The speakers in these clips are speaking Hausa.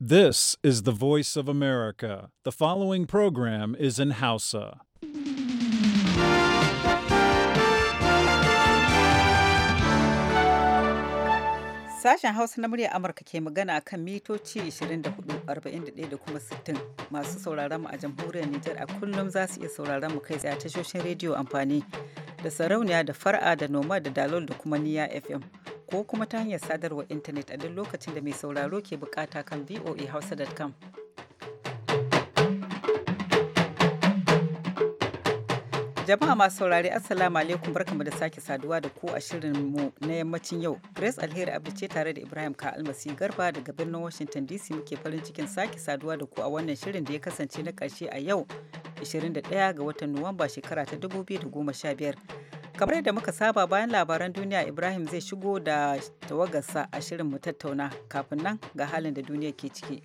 This is the voice of America. The following program is in Hausa. Sashen Hausa na murya Amurka ke magana kan mitoci 24,41 da kuma 60 masu sauraron mu a jamhuriyar Nijar a kullum za su iya sauraron mu kai tsaye tashoshin rediyo amfani da sarauniya da far'a da noma da dalol da kuma niya FM. ko kuma ta hanyar sadarwar intanet a duk lokacin da mai sauraro ke bukata kan voahausa.com. jama'a masu saurari assalamu alaikum barkamu da sake saduwa da ku a shirin mu na yammacin yau grace alheri abdu ce tare da ibrahim ka almasi garba daga birnin washington dc muke farin cikin sake saduwa da ku a wannan shirin da ya kasance na karshe a yau 21 ga watan nuwamba shekara ta 2015 kamar yadda muka saba bayan labaran duniya ibrahim zai shigo da tawagarsa a shirin mu tattauna kafin nan ga halin da duniya ke ciki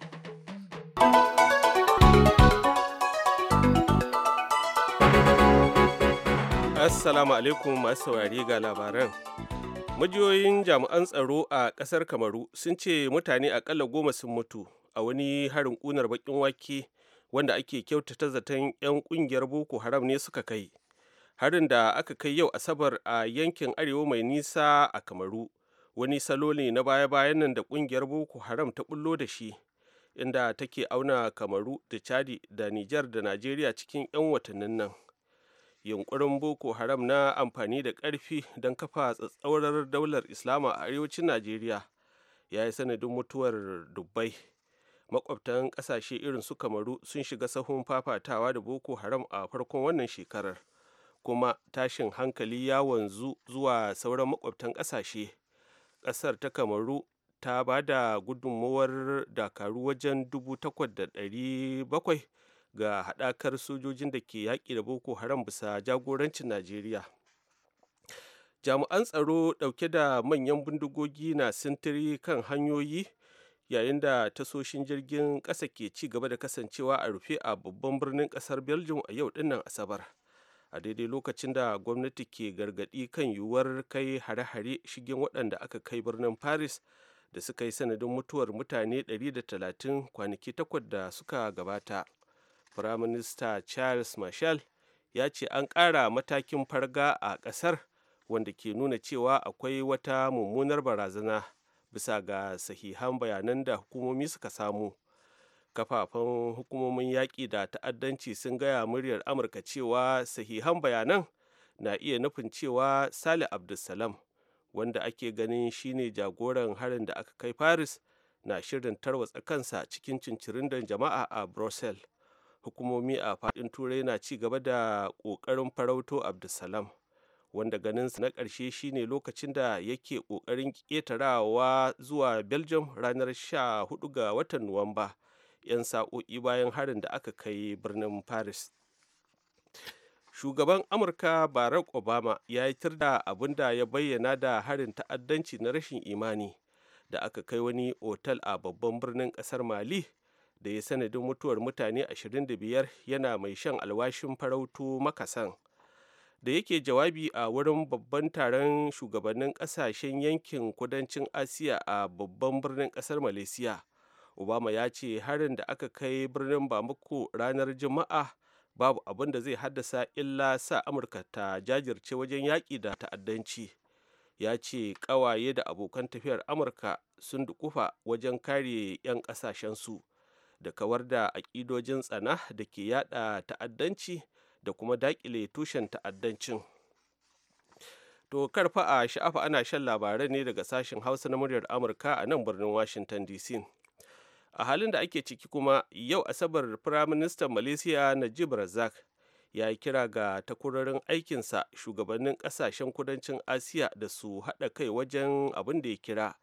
assalamu alaikum masu saurari ga labaran majiyoyin jami'an tsaro a kasar kamaru sun ce mutane akalla goma sun mutu a wani harin kunar bakin wake wanda ake kyautata zaton 'yan kungiyar boko haram ne suka kai harin da aka kai yau asabar a yankin arewa mai nisa a kamaru wani salo ne na baya-bayan nan da kungiyar boko haram ta bullo da shi inda take auna kamaru da chadi da nijar da nigeria cikin 'yan watannin nan yunkurin boko haram na amfani da karfi don kafa tsatsaurar daular islama a arewacin nigeria ya yi sanadin mutuwar dubbai makwabtan kasashe irin su kamaru sun shiga sahun fafatawa da boko haram a farkon wannan shekarar kuma tashin hankali ya wanzu zuwa sauran makwabtan ƙasashe ƙasar ta kamaru ta ba da gudummawar dakaru wajen 8,700 ga haɗakar sojojin da ke yaƙi da boko haram bisa jagorancin najeriya jami'an tsaro ɗauke da manyan bindigogi na sintiri kan hanyoyi yayin da tasoshin jirgin ƙasa ke ci gaba da kasancewa a rufe a babban birnin ƙasar belgium a yau dinnan asabar a daidai lokacin da gwamnati ke gargadi kan yiwuwar kai hare-hare shigen waɗanda aka kai birnin paris da suka yi sanadin mutuwar mutane 130 kwanaki takwas da suka gabata firaminista charles marshall ya ce an ƙara matakin farga a ƙasar wanda ke nuna cewa akwai wata mummunar barazana bisa ga sahihan bayanan da hukumomi suka samu kafafen hukumomin yaƙi da ta'addanci sun gaya muryar amurka cewa sahihan bayanan na iya nufin cewa sale abdulsalam wanda ake ganin shine jagoran harin da aka kai paris na shirin tarwatsa kansa cikin cincirindon jama'a a brussels hukumomi a fadin turai na ci gaba da ƙoƙarin farauto abdulsalam wanda ganinsa na ƙarshe shine lokacin da yake ƙoƙarin ƙetarawa zuwa belgium ranar 14 ga watan nuwamba 'yan sa'o'i bayan harin da aka kai birnin paris shugaban amurka barack obama ya yi da abin da ya bayyana da harin ta'addanci na rashin imani da aka kai wani otal a babban birnin kasar mali da ya sanadin mutuwar mutane 25 yana mai shan alwashin farautu makasan da yake jawabi a wurin babban taron shugabannin kasashen yankin kudancin asiya a babban birnin kasar malaysia obama ya ce harin da aka kai birnin bamako ranar juma'a babu abin da zai haddasa illa sa amurka ta jajirce wajen yaƙi da ta'addanci ya ce kawaye da abokan tafiyar amurka sun dukufa wajen kare 'yan ƙasashensu da kawar da aƙidojin tsana da ke yada ta'addanci da kuma daƙile tushen ta'addancin to karfa a sha'afa ana shan labarai ne daga sashen hausa na muryar amurka a nan birnin washington dc a halin da ake ciki kuma yau asabar firaministan malaysia najib razak ya kira ga takurarin aikinsa shugabannin kasashen kudancin asiya da su haɗa kai wajen abin da ya kira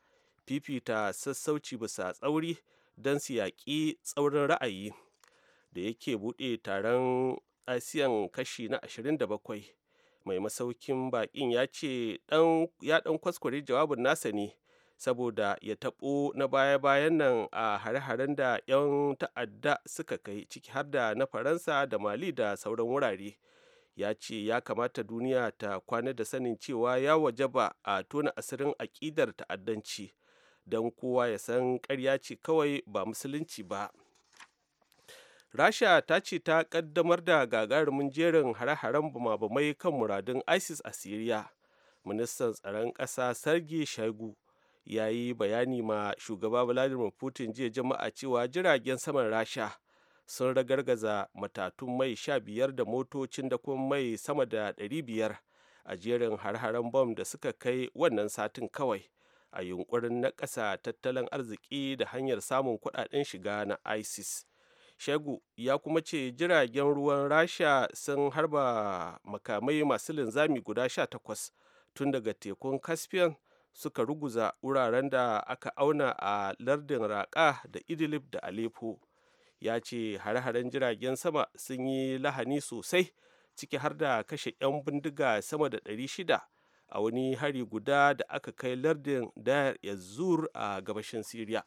fifita sassauci bisa tsauri don su yaƙi tsaurin ra'ayi da yake buɗe taron asiyan kashi na 27 mai masaukin baƙin ya ce ya ɗan kwaskwari jawabin nasa ne saboda ya taɓo na baya-bayan nan a hare-haren da 'yan ta'adda suka kai ciki har da na faransa da mali da sauran wurare ya ce ya kamata duniya ta kwana da sanin cewa ya waje ba a tona asirin aƙidar ta'addanci don kowa ya san ƙarya ce kawai ba musulunci ba rasha ta ce ta ƙaddamar da gagarumin jerin hare-haren bama kan muradun isis a syria ministan tsaron ƙasa sargi shaigu ya yi bayani ma shugaba vladimir putin jiya jama'a cewa jiragen saman rasha sun ragargaza matatun mai sha biyar da motocin da kuma mai sama da ɗari biyar a jerin har-haren bom da suka kai wannan satin kawai a yunkurin na ƙasa tattalin arziki da hanyar samun kuɗaɗen shiga na isis shegu ya kuma ce jiragen ruwan rasha sun harba makamai masu linzami guda sha takwas tun daga tekun caspian suka ruguza wuraren da aka auna a lardin raƙa da idlib da aleppo ya ce hare-haren jiragen sama sun yi lahani sosai ciki har da kashe 'yan bindiga sama da 600 a wani hari guda da aka kai lardin dayar yazur a gabashin syria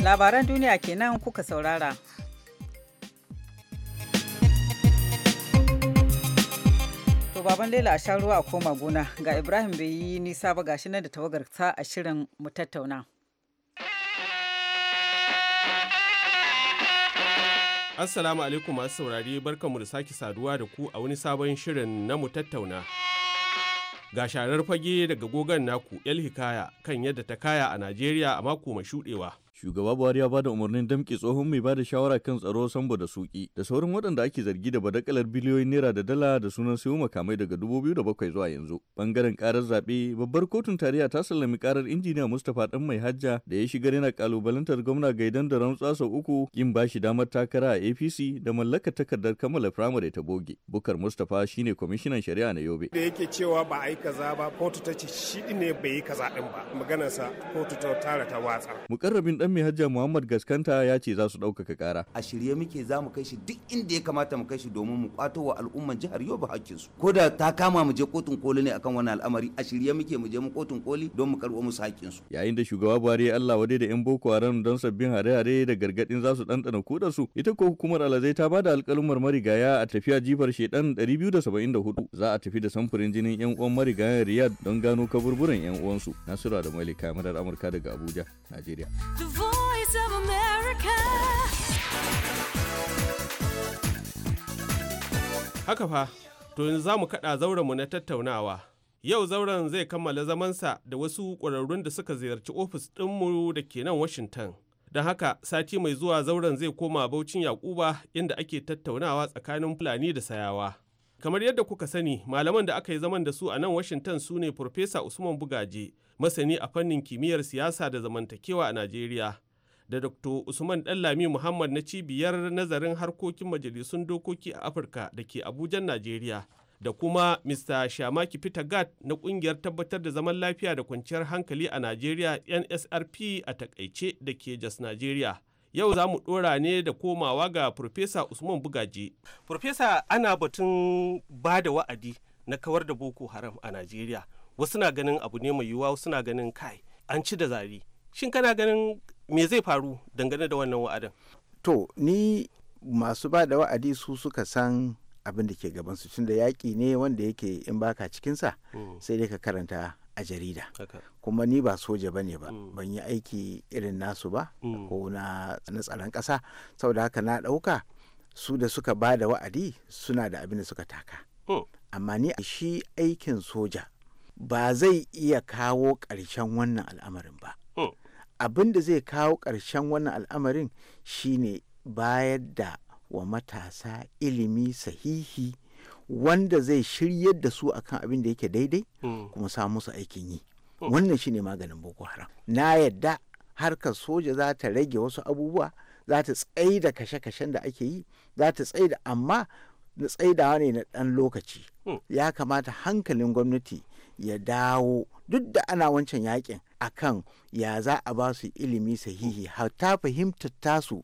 labaran duniya kenan kuka saurara baban Laila a sha ruwa a koma gona ga Ibrahim bai yi nisa ba gashi nan da tawagar ta a shirin mu tattauna. Assalamu alaikum masu saurari barkanmu da sake saduwa da ku a wani sabon shirin na mu tattauna. Ga sharar fage daga gogon naku El Hikaya kan yadda ta kaya a Najeriya a mako mai shuɗewa. shugaba buhari ya ba da umarnin damƙe tsohon mai ba da shawara kan tsaro sambo da suki da sauran waɗanda ake zargi da badakalar biliyoyin naira da dala da sunan sayo makamai daga bakwai zuwa yanzu bangaren karar zaɓe babbar kotun tarayya ta sallami karar injiniya mustapha dan mai hajja da ya shigar yana kalubalantar gwamna gaidan da rantsa sau uku kin ba shi damar takara a apc da mallakar takardar kammala firamare ta boge bukar mustapha shine kwamishinan shari'a na yobe da yake cewa ba a yi kaza ba kotu ta ce shi ne bai yi kaza din ba maganarsa kotu ta tara ta watsa mukarrabin dan mai hajja Muhammad Gaskanta ya ce za su ɗaukaka ƙara. A shirye muke za mu kai shi duk inda ya kamata mu kai shi domin mu kwato wa al'umman jihar Yobe hakkinsu. Ko da ta kama mu je kotun koli ne akan wani al'amari a shirye muke mu je mu kotun koli don mu karɓo musu hakkinsu. Yayin da shugaba Buhari Allah wade da 'yan Boko Haram don sabbin hare-hare da gargaɗin za su ɗanɗana su ita ko hukumar alazai ta ba da ga marigaya a tafiya jifar shedan 274 za a tafi da samfurin jinin 'yan uwan marigayan Riyadh don gano kaburburan 'yan uwansu. nasira da Malika Amurka daga Abuja, Najeriya. Haka fa, to yanzu za mu kaɗa mu na tattaunawa. Yau zauren zai kammala zamansa da wasu ƙwararrun da suka ziyarci ofis ɗinmu da ke nan Washington. Don haka sati mai zuwa zauren zai koma Baucin Yakuba inda ake tattaunawa tsakanin Fulani da Sayawa. Kamar yadda kuka sani, malaman da aka yi zaman da su a nan Washington su ne Usman Bugaje, masani a fannin kimiyyar siyasa da zamantakewa a Najeriya, da dr usman dallami muhammad na cibiyar nazarin harkokin majalisun dokoki a afirka da ke Abuja, najeriya da kuma mr shamaki peter gat na kungiyar tabbatar da zaman lafiya da kwanciyar hankali a najeriya nsrp a takaice da ke jos najeriya yau za mu ɗora ne da komawa ga Profesa Usman Bugaji. Profesa ana batun ba da wa'adi na kawar da Boko Haram a Najeriya. Wasu na ganin abu ne mai yiwuwa wasu na ganin kai an ci da zari. Shin kana ganin me zai faru dangane da wannan wa'adin to ni masu ba da wa'adi su suka san abin da ke gabansu da yaƙi ne wanda yake in baka cikinsa hmm. sai dai ka karanta a jarida kuma ni ba soja bane ba hmm. ban yi aiki irin nasu ba hmm. ko na na tsaron ƙasa saboda haka na ɗauka su da suka ba da wa'adi suna da abin da suka taka amma ni shi aikin soja ba zai iya kawo ƙarshen wannan al'amarin ba abin da zai kawo ƙarshen wannan al'amarin shine bayar da wa matasa ilimi sahihi wanda zai shiryar da su akan abin da yake daidai hmm. kuma samu musu aikin yi hmm. wannan shine maganin boko haram na yadda harkar soja za ta rage wasu abubuwa za ta tsaye da kashe-kashen da ake yi za ta tsaye da amma na tsaidawa ne na ɗan lokaci hmm. ya kamata hankalin gwamnati ya dawo duk da ana wancan yakin akan ya za a ba su ilimi sahihi hata fahimtar tasu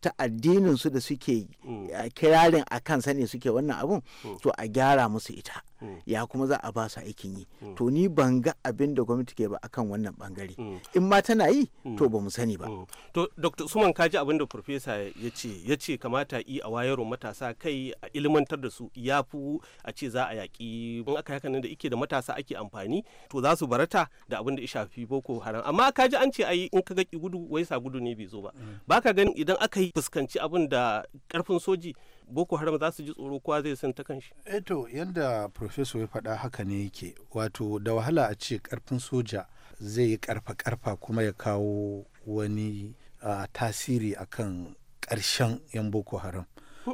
ta addinin su da suke mm. kirarin a kan sani suke wannan abun mm. to a gyara musu ita ya kuma za a ba su aikin yi mm. to ni ban ga abin da gwamnati ke ba akan wannan bangare mm. in ma tana yi mm. to ba mu sani ba to dr suman kaji abin da profesa ya ce ya ce kamata yi a wayar wa matasa kai a ilmantar da su ya fi a ce za a yaƙi in aka haka nan da ike da matasa ake amfani to za su barata da abin da ya shafi boko haram amma kaji an ce ayi in ka ga gudu wai sa gudu ne bai zo ba baka ganin idan aka yi fuskanci abin da karfin soji boko haram za su ji tsoro kowa zai san ta kanshi eto eh yadda professor ya faɗa haka ne yake wato da wahala a ce karfin soja zai yi karfa karfa kuma ya kawo wani uh, tasiri akan ƙarshen yan boko haram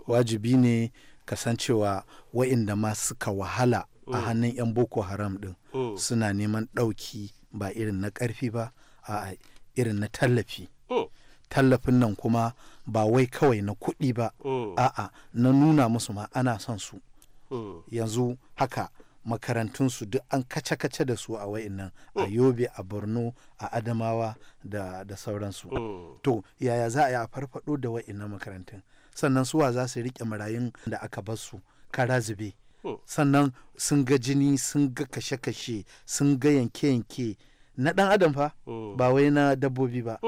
wajibi ne kasancewa wa'inda ma suka wahala a mm. hannun 'yan boko haram din mm. suna neman ɗauki ba irin na ƙarfi ba a irin na tallafi tallafin nan kuma ba wai kawai na kuɗi ba oh. a'a na nuna musu ma ana son su oh. yanzu haka makarantunsu duk an kace-kace da su a wa'innan a oh. yobe a borno a adamawa da, da sauransu to yaya za a yi a farfado da wa'innan makarantun sannan suwa za su riƙe marayun da aka bar su kara zube sannan sun ga jini sun ga kashe-kashe sun ga yanke-yanke na ɗan adam fa ba wai na dabbobi ba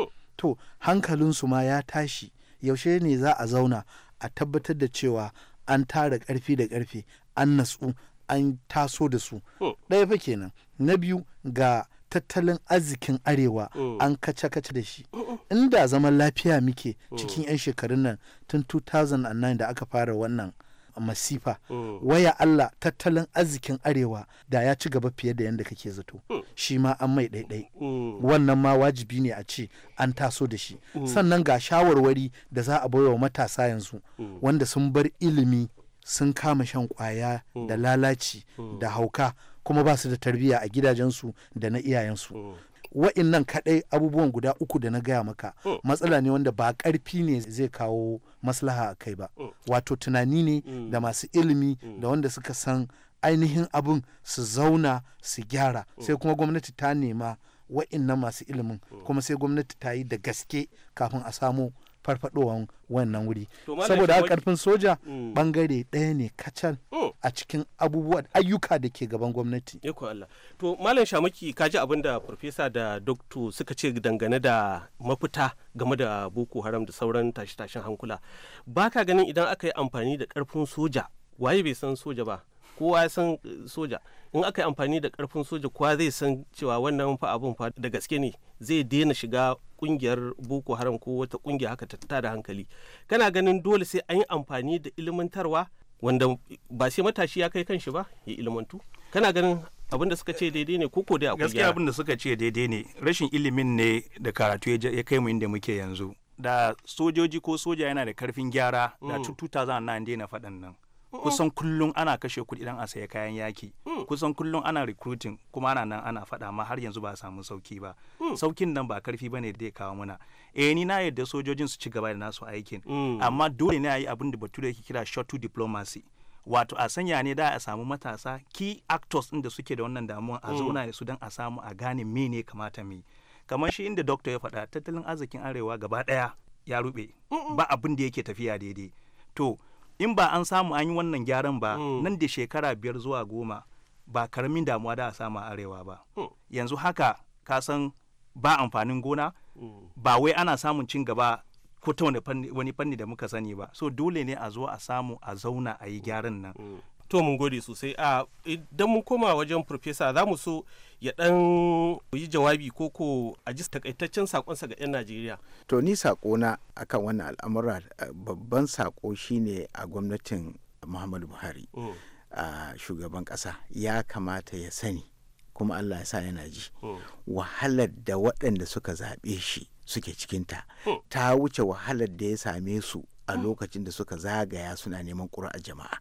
to hankalinsu ma ya tashi yaushe ne za a zauna a tabbatar da cewa an tara ƙarfi da ƙarfe an natsu an taso da su oh. ɗaya fa kenan na biyu ga tattalin arzikin arewa oh. an kace-kace da shi oh, inda zaman lafiya muke cikin 'yan shekarun nan tun 2009 da aka fara wannan masifa oh. waya Allah tattalin arzikin arewa da ya ci gaba fiye da yadda kake zato oh. shi ma an mai ɗaiɗai oh. wannan ma wajibi ne a ce an taso da shi sannan ga shawarwari da za a wa matasa yanzu wanda sun bar ilimi sun kama shan kwaya da lalaci da hauka kuma ba su da tarbiyya a gidajensu da na iyayensu wa'innan kaɗai abubuwan guda uku da na gaya maka oh. Oh. matsala ne wanda ba ƙarfi ne zai kawo maslaha a kai ba oh. wato tunani ne mm. da masu ilimi mm. da wanda suka san ainihin abin su zauna su gyara sai kuma gwamnati ta nema wa'innan masu ilimin kuma sai gwamnati ta yi da gaske kafin a samu farfadowan wannan wuri saboda karfin soja bangare mm. ɗaya ne kacal a cikin abubuwan ayyuka da ke gaban gwamnati. Iko Allah. To Malam Shamaki ka ji abin da Farfesa da Dokto suka ce dangane da mafita game da Boko Haram da sauran tashe-tashen hankula. Ba ka ganin idan aka yi amfani da ƙarfin soja, waye bai san soja ba, kowa ya san eh, soja. In aka yi amfani da ƙarfin soja kowa zai san cewa wannan fa abun fa da gaske ne zai daina shiga kungiyar Boko Haram ko wata kungiya haka ta da hankali. Kana ganin dole sai an yi amfani da ilimantarwa wanda ba sai matashi ya kai kanshi ba ya ilmantu kana ganin abin da suka ce daidai ne koko dai akwai gaskiya abin da suka ce daidai ne rashin ilimin ne da karatu ya kai mu inda muke yanzu da sojoji ko soja yana da karfin gyara da za mm. na daina faɗan nan kusan kullum ana kashe kuɗi dan a saya kayan yaki mm. kusan kullum ana recruiting kuma ana nan ana faɗa ma har yanzu ba a samu sauki ba mm. saukin nan ba karfi bane da ya kawo muna eh ni na yadda sojojin su ci gaba da nasu aikin mm. amma dole ne a yi abin da bature yake kira short to diplomacy wato a sanya ne da a samu matasa key actors din da suke da wannan damuwa a mm. zauna da su don a samu a gane ne kamata mu kamar shi inda doctor ya faɗa tattalin arzikin arewa gaba ɗaya ya rube ba abin da yake tafiya daidai to in ba an samu an yi wannan gyaran ba mm. nan da shekara biyar zuwa goma ba karamin damuwa da a samu arewa ba yanzu haka ka san ba amfanin gona mm. ba wai ana samun cin gaba ko ta wani fanni da muka sani ba so dole ne a zo a samu a zauna a yi gyaran nan mm. to mun gode sosai a idan mun koma wajen profesa za mu so ya dan yi jawabi ko ko a ji takaitaccen sakonsa ga 'yan najeriya to ni na akan wannan al'amura eh, babban sako shine a gwamnatin muhammadu buhari mm. a shugaban kasa ya kamata ya sani kuma Allah ya sa yana ji oh. wahalar da waɗanda suka zaɓe shi suke cikinta oh. ta wuce wahalar da ya same su a oh. lokacin da suka zagaya suna neman ƙura jama'a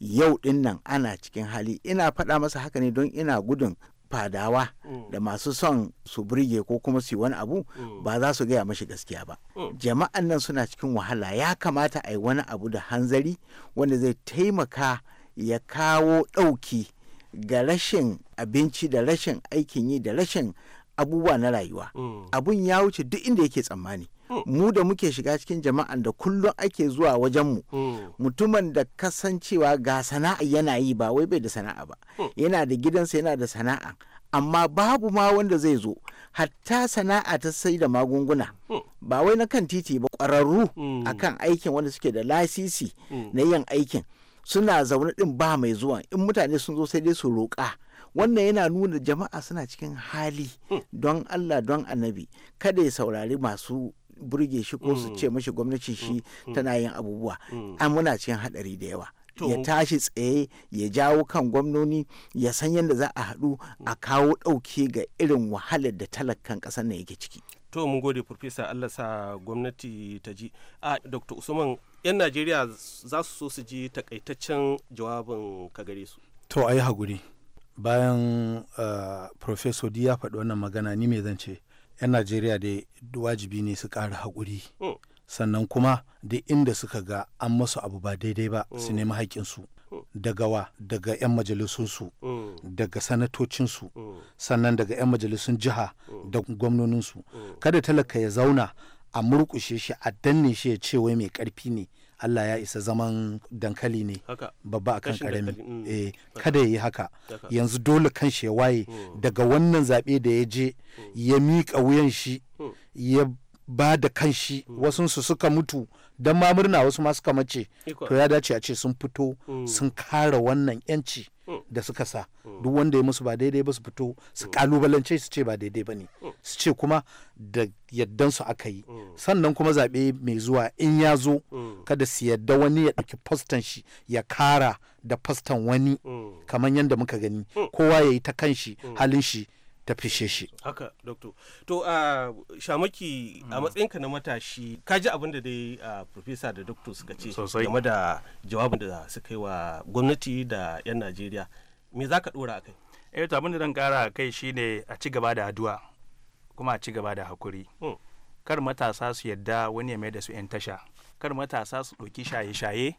yau ɗin nan ana cikin hali ina faɗa masa haka ne don ina gudun fadawa da masu son su burge ko kuma su yi wani abu ba za su gaya mashi gaskiya ba jama'an nan suna cikin wahala ya kamata a yi wani abu da hanzari wanda zai taimaka ya kawo ɗauki ga rashin abinci da rashin aikin yi da rashin abubuwa na rayuwa mm. abun ya wuce duk inda yake tsammani mm. mu da muke shiga cikin jama'an da kullum ake zuwa wajen mu. Mm. mutumin da kasancewa ga sana'a yana yi ba wai bai da sana'a ba yana da gidansa yana da sana'a amma babu ma wanda zai zo hatta sana'a ta sai da magunguna ba wai na kan titi ba ƙwararru akan aikin wanda suke da lasisi na yin aikin suna zaune din ba mai zuwa in mutane sun zo sai dai su roƙa wannan yana nuna jama'a suna cikin hali hmm. don allah don annabi kada ya saurari masu burge shi ko su hmm. ce mashi gwamnatin shi hmm. tana yin abubuwa an muna cikin haɗari da yawa ya tashi tsaye ya jawo kan gwamnoni ya san yadda za a haɗu a kawo ɗauke ga irin wahalar da talakan ƙasar na yake ciki to mun gode farfesa allah sa gwamnati ta ji a dr usman yan najeriya za su so su ji takaitaccen jawabin ka gare su to a yi haguri bayan professor di ya faɗi wannan magana ni me zan ce yan najeriya dai wajibi ne su ƙara haƙuri hmm. sannan kuma da inda suka ga an masu abu ba daidai ba su hmm. nemi haƙƙinsu daga wa daga 'yan majalisunsu mm. daga sanatocinsu mm. sannan daga 'yan majalisun jiha mm. da gwamnoninsu kada talaka ya zauna a murkushe shi a danne shi ya ce wai mai karfi ne Allah ya isa zaman dankali ne babba akan karami eh, kada ya yi haka yanzu dole kan shi ya waye daga wannan zaɓe da ya je ya miƙa wuyan shi ya ba da kanshi mm. wasunsu suka mutu don ma murna wasu ma suka mace to ya dace a ce sun fito mm. sun kara wannan yanci mm. da suka sa duk wanda ya musu ba daidai ba su fito su kalubalance su ce ba daidai ba ne su ce kuma da yaddansu aka yi sannan kuma zaɓe mai zuwa in ya zo kada su yadda wani ya ɗauki fastan shi ya kara da fastan wani kamar yadda muka gani kowa ya yi ta kanshi halin shi ta fishe shi haka doktor. to a shamaki a mm. matsayinka na matashi ka ji abin da dai profesa da doktor suka ce game da jawabin da suka yi wa gwamnati da 'yan najeriya me za ka dora kai? eh to abin da zan kara shi shine a ci gaba da addu'a kuma a ci gaba da hakuri hmm. kar matasa su yadda wani ya mai da su 'yan tasha kar matasa su ɗauki shaye-shaye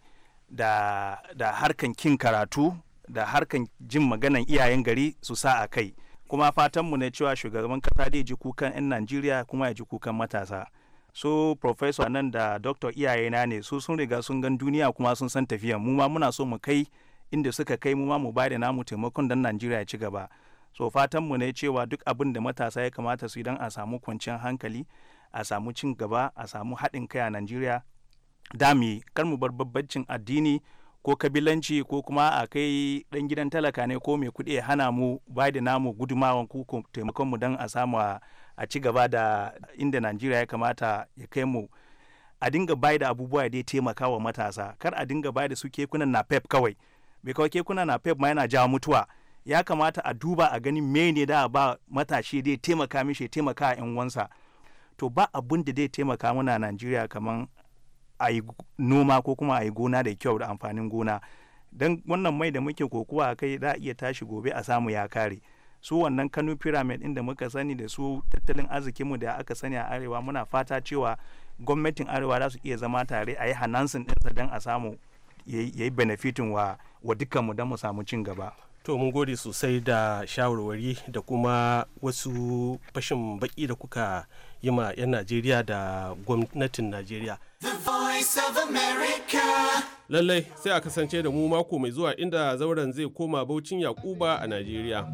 da harkan kin karatu da harkan jin maganan iyayen gari su sa a kai kuma fatanmu ne cewa shugaban kasa zai ji kukan 'yan najeriya kuma ya ji kukan matasa su professor nan da iyaye na ne su sun riga sun gan duniya kuma sun san tafiya mu ma muna so mu kai inda suka kai mu ma mu bada da namu taimakon dan najeriya ya ci gaba so fatanmu ne cewa duk abin da matasa ya kamata su idan a samu kwanciyar hankali a samu cin gaba a samu haɗin kai a najeriya dami kar mu bar babbancin addini ko kabilanci ko kuma a kai dan gidan talaka ne ko mai kuɗi ya hana mu ba da namu gudumawan ku taimakon mu dan a samu a ci gaba da inda najeriya ya kamata ya kai mu a dinga bai da abubuwa ya taimaka wa matasa kar a dinga bai da su kekunan na pep kawai bai kawai kekunan na pep ma yana jawo mutuwa ya kamata a duba a ganin me ne da ba matashi dai taimaka mishi taimaka a 'yan wansa to ba abun da zai taimaka muna najeriya kamar a yi noma ko kuma a yi gona da kyau da amfanin gona don wannan mai da muke kokuwa a kai za a iya tashi gobe a samu ya kare su wannan kano pyramid din da muka sani da su tattalin arzikinmu da aka sani a arewa muna fata cewa gwamnatin arewa za su iya zama tare a yi hanansin ɗinsa don a samu ya yi benefitin wa, wa dukkanmu don mu samu cin gaba to mun gode sosai da shawarwari da kuma wasu fashin baki da kuka yi ma 'yan najeriya da gwamnatin najeriya lallai sai a kasance da mu mako mai zuwa inda zauren zai koma baucin yakuba a najeriya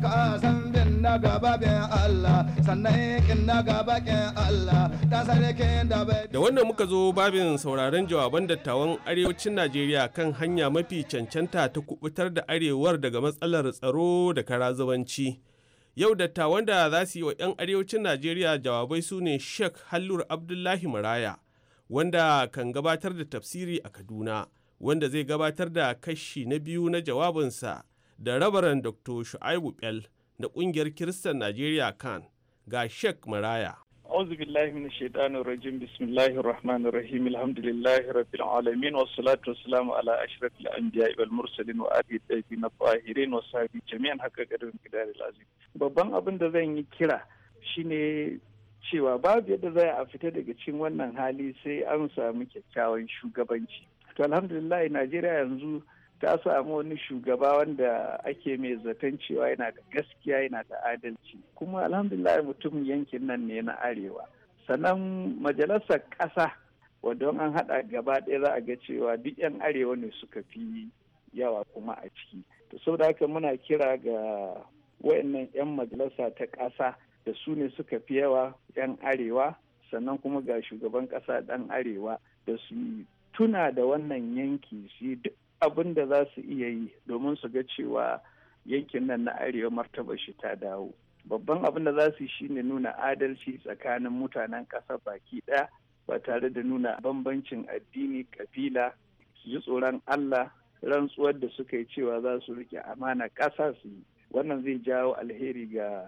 da wannan muka zo babin sauraron jawaban dattawan arewacin najeriya kan hanya mafi cancanta ta kubutar da arewar daga matsalar tsaro da kara karazubanci Yau dattawan da za su yi wa 'yan arewacin Najeriya jawabai su ne Sheikh Hallur Abdullahi Maraya, wanda kan gabatar da tafsiri a Kaduna, wanda zai gabatar da kashi na biyu na jawabinsa da rabaran Dr. Shu'aibu Bel na ƙungiyar Kiristan Najeriya kan ga shek Maraya. أعوذ بالله من الشيطان الرجيم بسم الله الرحمن الرحيم الحمد لله رب العالمين والصلاة والسلام على أشرف الأنبياء والمرسلين وآله الطيبين الطاهرين وصحبه جميعا حق قدر القدر العظيم babban abin da zan yi kira shine cewa babu yadda za a fita daga cikin wannan hali sai an samu kyakkyawan shugabanci to alhamdulillah Najeriya yanzu ta samu wani shugaba wanda ake mai zaton cewa yana da gaskiya yana da adalci kuma alhamdulillah mutum yankin nan ne na arewa sannan majalisar ƙasa wadon an haɗa gaba ɗaya za a ga cewa duk 'yan arewa ne suka fi yawa kuma a ciki to saboda haka muna kira ga wayannan 'yan majalisa ta ƙasa da su ne suka fi yawa 'yan arewa sannan kuma ga shugaban ƙasa ɗan arewa da su tuna da wannan yanki su duk abin da za su iya yi domin su ga cewa yankin nan na arewa martaba shi ta dawo babban abin da za su yi shine nuna adalci tsakanin mutanen ƙasa baki ɗaya ba tare da nuna bambancin addini kabila su ji tsoron allah rantsuwar da suka yi cewa za su rike amana ƙasa su yi wannan zai jawo alheri ga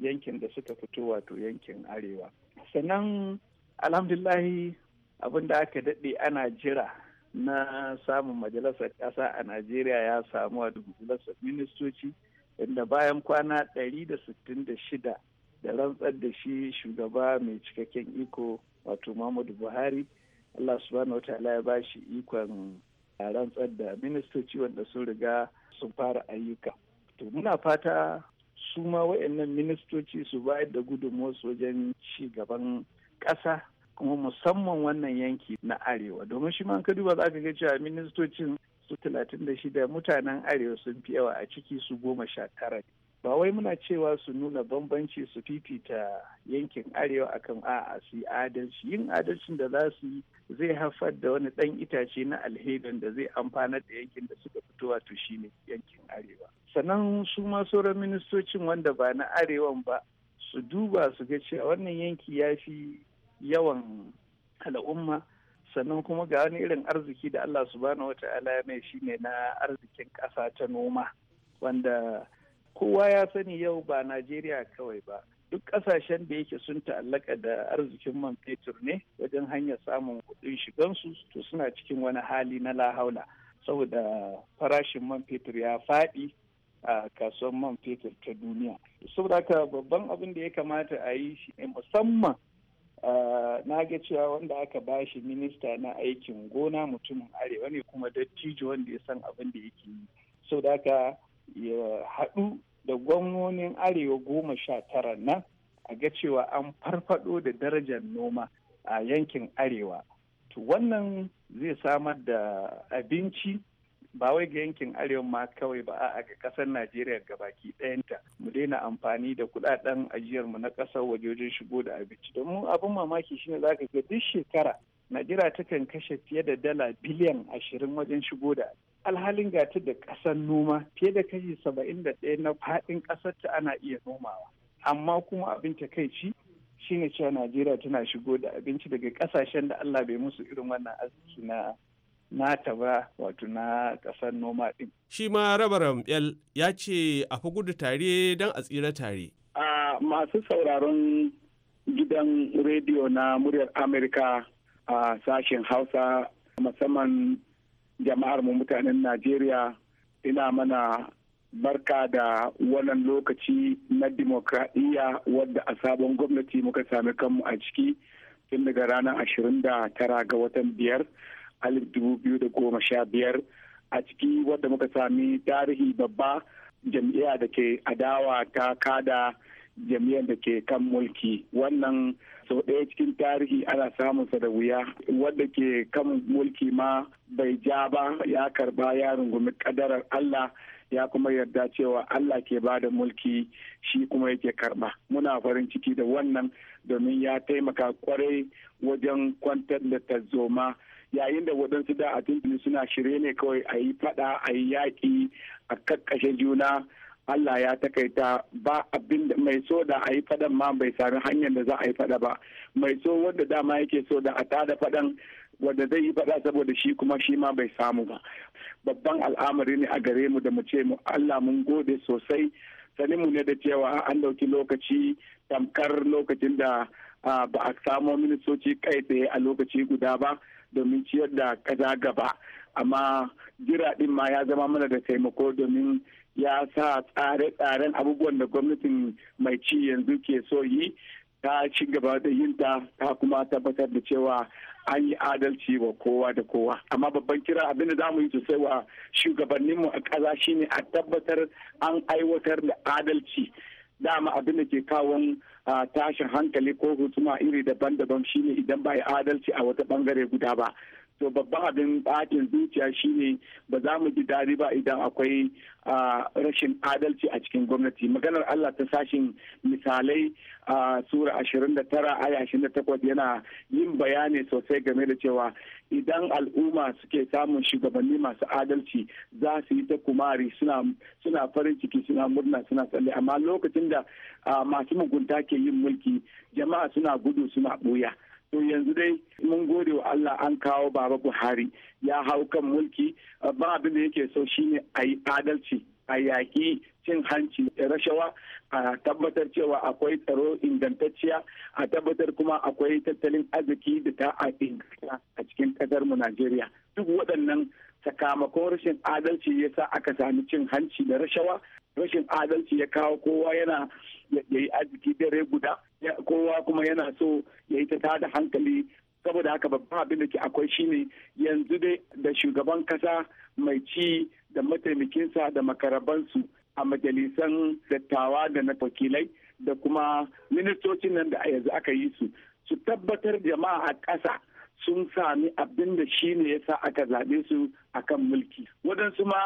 yankin da suka fito wato yankin arewa sannan alhamdulahi abin da aka daɗe ana jira na samun majalisar ƙasa a najeriya ya samu a majalisar ministoci inda bayan kwana 166 da rantsar da shi shugaba mai cikakken iko wato muhammadu buhari allah subhanahu wataala ya ba shi ikon rantsar da ministoci wanda sun riga sun fara ayyuka to muna fata su ma waɗannan ministoci su bayar da gudunmuwarsu wajen ci gaban ƙasa kuma musamman wannan yanki na arewa domin shi man ka duba za ka ga cewa ministocin su talatin da shida mutanen arewa sun fi yawa a ciki su goma sha tara ba wai muna cewa su nuna bambanci su fifita yankin arewa akan a'a su adalci yin adalcin da za su yi zai haifar da wani ɗan itace na alherin da zai amfanar da yankin da suka fito wato shine yankin arewa sannan su ma sauran ministocin wanda ba na arewan ba su duba su ga cewa wannan yanki ya fi yawan al'umma sannan kuma ga wani irin arziki da Allah subhanahu wata'ala ya mai shine na arzikin ƙasa ta noma wanda kowa ya sani yau ba Najeriya kawai ba duk ƙasashen da yake sun ta'allaka da arzikin man fetur ne wajen hanyar samun kuɗin shigansu to suna cikin wani hali na lahaula saboda farashin man fetur ya faɗi a kasuwar man fetur ta duniya saboda haka babban abin da ya kamata a yi shi ne musamman na ga cewa wanda aka ba shi minista na aikin gona mutumin arewa ne kuma dattijo wanda ya san abin da yake yi so da aka ya haɗu da gwamnonin arewa goma sha tara nan a ga cewa an farfado da darajar noma a yankin arewa to wannan zai samar da abinci ba wai ga yankin arewa ma kawai ba a ga kasar najeriya baki ɗayanta mu daina amfani da kudaden ajiyar mu na ƙasar waje wajen shigo da abinci don mu abin mamaki shine zaka ga duk shekara najeriya takan kashe fiye da dala biliyan ashirin wajen shigo da alhalin gata da ƙasar noma fiye da kashi saba'in da ɗaya na faɗin ƙasar ta ana iya nomawa amma kuma abin takaici shine cewa najeriya tana shigo da abinci daga ƙasashen da allah bai musu irin wannan arziki na nata ba wato na ƙasar noma ɗin. Shi ma rabaram yal ya ce a fi gudu tare don a tsira tare. A masu sauraron gidan rediyo na muryar Amurka a sashen Hausa musamman jama'ar mu mutanen Najeriya ina mana barka da wannan lokaci na dimokuraɗiyya wadda a sabon gwamnati muka sami kanmu a ciki tun daga ranar 29 ga watan biyar alif dubu biyu da goma sha biyar a ciki wadda muka sami tarihi babba jam'iyya da ke adawa ta kada jam'iyyar da ke kan mulki wannan sau ɗaya cikin tarihi ana samun sa da wuya wadda ke kan mulki ma bai ja ba ya karba ya rungumi kadarar allah ya kuma yarda cewa Allah ke ba da mulki shi kuma yake karba muna farin ciki da wannan domin ya taimaka kwarai wajen kwantar da tazoma. yayin da waɗansu da a tuntuni suna shirye ne kawai a yi faɗa a yi yaƙi a kakkashe juna Allah ya takaita ba abin da mai so da a yi faɗan ma bai sami hanyar da za a yi faɗa ba mai so wanda dama yake so da a tada faɗan wanda zai yi faɗa saboda shi kuma shi ma bai samu ba babban al'amari ne a gare mu da mu ce mu Allah mun gode sosai sani mu ne da cewa an ɗauki lokaci tamkar lokacin da ah, ba a samo ministoci kai tsaye a lokaci guda ba domin ciyar da kaza gaba amma jira din ma ya zama mana da taimako domin ya sa tsare-tsaren abubuwan da gwamnatin mai ci yanzu ke so yi ta ci gaba da yin ta ta kuma tabbatar da cewa an yi adalci wa kowa da kowa amma babban kira abinda za mu yi sosai wa shugabanninmu a ƙasa shine a tabbatar an aiwatar da adalci dama abin da ke kawon tashin hankali ko hutuma iri daban-daban shine idan ba adalci a wata bangare guda ba to babban abin batin zuciya shine ba za mu ji dari ba idan akwai rashin adalci a cikin gwamnati maganar Allah ta sashin misalai a sura 29 aya 28 yana yin bayani sosai game da cewa idan al'umma suke samun shugabanni masu adalci za su yi ta kumari suna farin ciki suna murna suna tsalle amma lokacin da masu mugunta ke yin mulki jama'a suna gudu suna ɓuya to yanzu dai mun gode wa Allah an kawo baba Buhari ya hau kan mulki ba abin da yake so shine a yi adalci a yaƙi cin hanci da rashawa a tabbatar cewa akwai tsaro ingantacciya a tabbatar kuma akwai tattalin arziki da ta a a cikin ƙasarmu Najeriya duk waɗannan sakamakon rashin adalci yasa aka sami cin hanci da rashawa rashin adalci ya kawo kowa yana ya yi arziki dare guda kowa kuma yana so ya yi ta tada hankali saboda haka babban abin da ke akwai shine yanzu dai da shugaban kasa mai ci da mataimakinsa da makarabansu a majalisan dattawa da na wakilai da kuma ministocin nan da a yanzu aka yi su su tabbatar jama'a a ƙasa sun sami abin da shi ne ya sa aka zaɓe su akan mulki waɗansu ma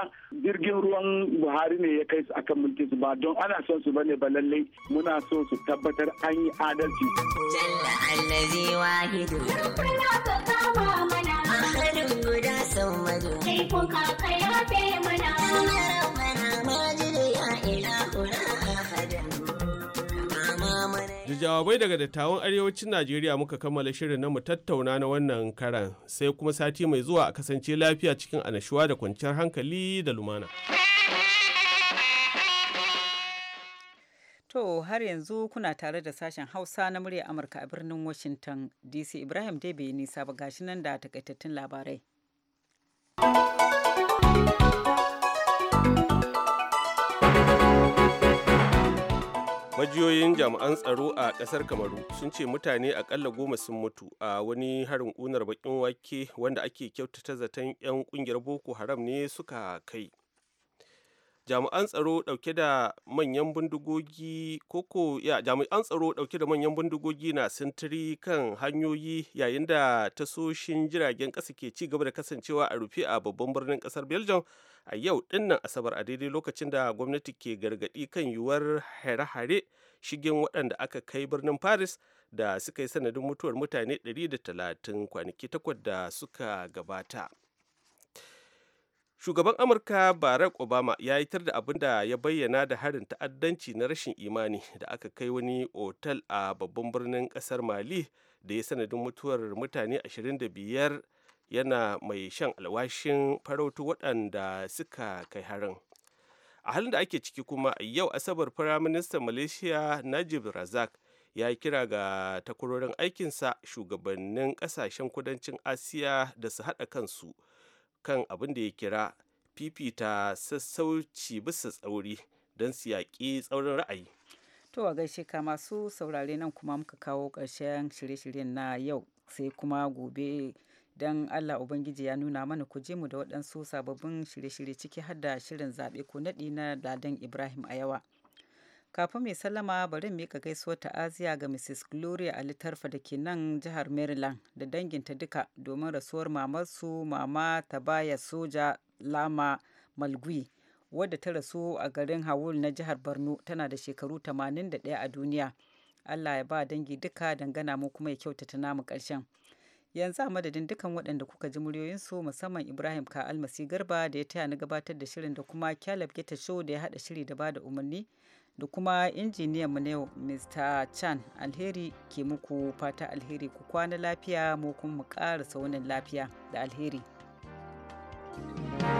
jirgin ruwan buhari ne ya kai su akan mulki su ba don ana son su bane ba lallai muna so su tabbatar an yi adalci jalla allazi wahidu kama mana ahadun guda sau kuka kayafe mana mana majidu ya ilahuna Da jawabai daga dattawan arewacin Najeriya muka kammala shirin na mu tattauna na wannan karan sai kuma sati mai zuwa a kasance lafiya cikin anashuwa da kwanciyar hankali da lumana. To har yanzu kuna tare da sashen Hausa na murya Amurka a birnin Washington DC Ibrahim Debe nisa ba gashi nan da takaitattun labarai. majiyoyin jami'an tsaro a ƙasar kamaru sun ce mutane akalla goma sun mutu a wani harin ƙunar bakin wake wanda ake kyautata zaton 'yan ƙungiyar boko haram ne suka kai jami'an tsaro dauke da manyan bindigogi koko ya jami'an tsaro dauke da manyan bindigogi na sintiri kan hanyoyi yayin da tasoshin jiragen kasa ke ci gaba da kasancewa a rufe a babban birnin kasar belgium a yau dinnan asabar a daidai lokacin da gwamnati ke gargadi kan yiwuwar hare-hare shigen waɗanda aka kai birnin paris da suka yi sanadin mutuwar mutane 130 kwanaki takwas da suka gabata shugaban amurka barack obama ya yi tar da abin da ya bayyana da harin ta'addanci na rashin imani da aka kai wani otal a babban birnin kasar mali da ya sanadin mutuwar mutane 25 yana mai shan alwashin farautu waɗanda suka kai harin a halin da ake ciki kuma yau asabar firaministan malaysia najib razak ya kira ga takwarorin aikinsa shugabannin kasashen kudancin asiya da su haɗa kansu kan abin da ya kira fifita sassauci bisa tsauri don su yaƙi tsaurin ra'ayi to a gaishe ka masu saurare nan kuma muka kawo ƙarshen shirye-shiryen na yau sai kuma gobe don Allah Ubangiji ya nuna mana ku je mu da waɗansu sababbin shirye-shirye ciki har da shirin zaɓe ko naɗi na Ladan Ibrahim a yawa. kafin mai sallama bari mika gaisuwar ta'aziya ga mrs gloria alitarfa da ke nan jihar maryland da danginta duka domin rasuwar mamarsu mama ta baya soja lama malgui wadda ta rasu a garin hawul na jihar borno tana da shekaru 81 a duniya allah ya ba dangi duka dangana mu kuma ya kyautata namu karshen yanzu a madadin dukan waɗanda kuka ji muryoyinsu musamman ibrahim ka almasi garba da ya taya na gabatar da shirin da kuma kyalab gita show da ya haɗa shiri da bada umarni da kuma injiniyan mu na yau Mr. Chan alheri ke muku fata alheri ku kwana lafiya mu kuma mu ƙara saunin lafiya da alheri. thank you